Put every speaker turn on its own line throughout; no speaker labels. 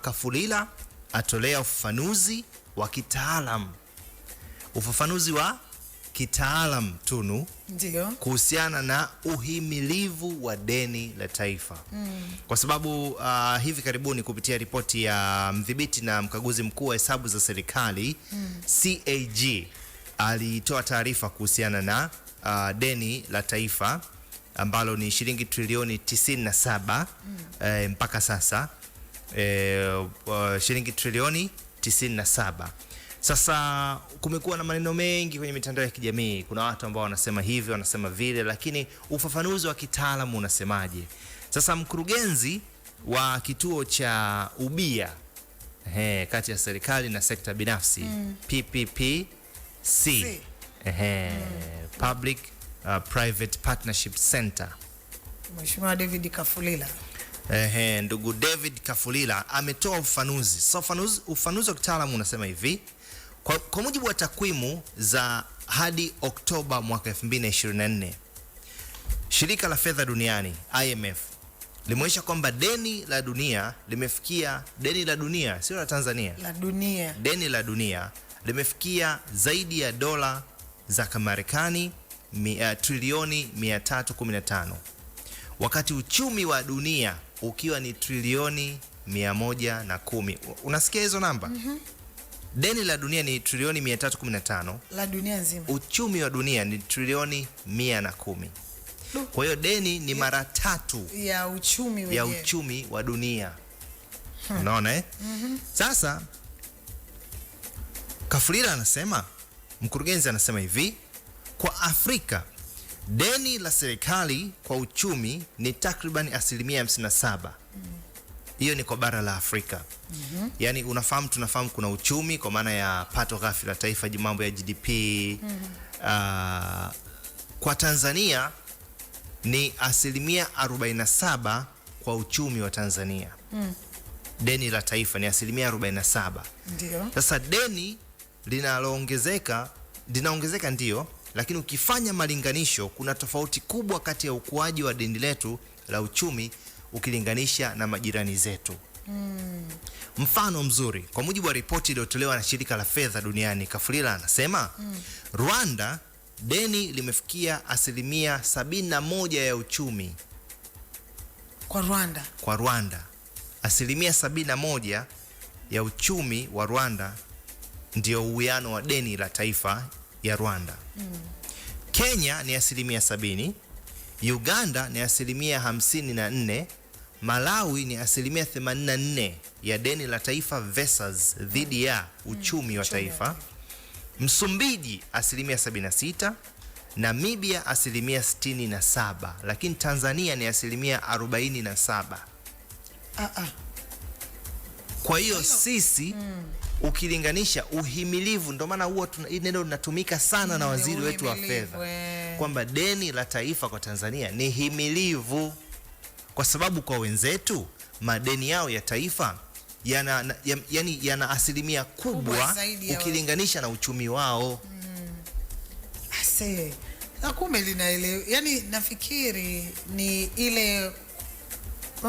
Kafulila atolea ufafanuzi wa kitaalam ufafanuzi wa kitaalam Tunu, ndio kuhusiana na uhimilivu wa deni la taifa mm. Kwa sababu uh, hivi karibuni kupitia ripoti ya mdhibiti na mkaguzi mkuu wa hesabu za serikali mm. CAG alitoa taarifa kuhusiana na uh, deni la taifa ambalo ni shilingi trilioni 97 mm. eh, mpaka sasa eh, uh, shilingi trilioni 97. Sasa kumekuwa na maneno mengi kwenye mitandao ya kijamii. Kuna watu ambao wanasema hivyo, wanasema vile, lakini ufafanuzi wa kitaalamu unasemaje? Sasa mkurugenzi wa kituo cha ubia ehe, kati ya serikali na sekta binafsi mm. PPPC ehe, mm. Public uh, Private Partnership Center,
Mheshimiwa David Kafulila
Ehe, ndugu David Kafulila ametoa ufanuzi. So, ufanuzi, ufanuzi wa kitaalamu unasema hivi kwa, kwa mujibu wa takwimu za hadi Oktoba mwaka 2024 shirika la fedha duniani IMF limeonyesha kwamba deni la dunia limefikia deni la dunia sio la Tanzania
la dunia.
Deni la dunia limefikia zaidi ya dola za Kamarekani trilioni 315 wakati uchumi wa dunia ukiwa ni trilioni mia moja na kumi. Unasikia hizo namba? mm -hmm. Deni la dunia ni trilioni 315,
la dunia nzima.
Uchumi wa dunia ni trilioni mia na kumi. Kwa hiyo deni ni mara tatu
ya uchumi
ya uchumi wa dunia. Hmm. Unaona eh? Mm -hmm. Sasa Kafulila anasema, mkurugenzi anasema hivi, kwa Afrika Deni la serikali kwa uchumi ni takriban asilimia 57. Hiyo ni kwa bara la Afrika. mm -hmm. Yaani unafahamu, tunafahamu kuna uchumi kwa maana ya pato ghafi la taifa, mambo ya GDP. mm -hmm. Uh, ah, kwa Tanzania ni asilimia 47 kwa uchumi wa Tanzania. mm. Deni la taifa ni asilimia 47. Ndio. Sasa deni linaloongezeka linaongezeka, ndio lakini ukifanya malinganisho, kuna tofauti kubwa kati ya ukuaji wa deni letu la uchumi ukilinganisha na majirani zetu. Mm. Mfano mzuri kwa mujibu wa ripoti iliyotolewa na shirika la fedha duniani Kafulila anasema mm. Rwanda deni limefikia asilimia moja ya uchumi kwa Rwanda, kwa Rwanda asilimia 71 ya uchumi wa Rwanda ndio uwiano wa deni la taifa ya Rwanda mm. Kenya ni asilimia sabini, Uganda ni asilimia hamsini na nne, Malawi ni asilimia 84 ya deni la taifa versus dhidi ya uchumi mm. wa taifa. Msumbiji asilimia 76, Namibia asilimia 67, lakini Tanzania ni asilimia 47. Ah ah. Kwa hiyo sisi mm. Ukilinganisha uhimilivu, ndio maana huo neno linatumika sana mm, na waziri wetu wa fedha eh. kwamba deni la taifa kwa Tanzania ni himilivu, kwa sababu kwa wenzetu madeni yao ya taifa yana, yana, yani yana asilimia kubwa, kubwa ya ukilinganisha na uchumi wao
mm. Ase, na kumbe linaelewa, yani nafikiri ni ile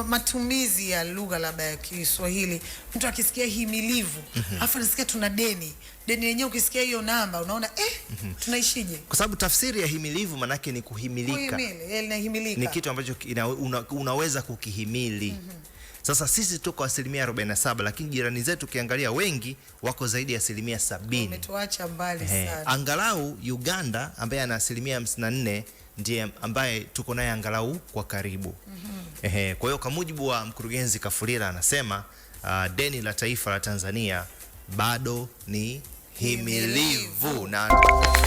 matumizi ya lugha labda ya Kiswahili, mtu akisikia himilivu mm -hmm. afu anasikia tuna deni deni yenyewe, ukisikia hiyo namba unaona eh, mm -hmm. tunaishije?
Kwa sababu tafsiri ya himilivu manake ni kuhimilika,
kuhimilika. Eh, ni
kitu ambacho ina, una, unaweza kukihimili mm -hmm. Sasa sisi tuko asilimia 47, lakini jirani zetu ukiangalia wengi wako zaidi ya asilimia 70.
Umetuacha mbali eh, sana.
Angalau Uganda ambaye ana asilimia 54 ndiye ambaye tuko naye angalau kwa karibu. mm -hmm. kwa hiyo kwa mujibu wa mkurugenzi Kafulila anasema uh, deni la taifa la Tanzania bado ni himilivu na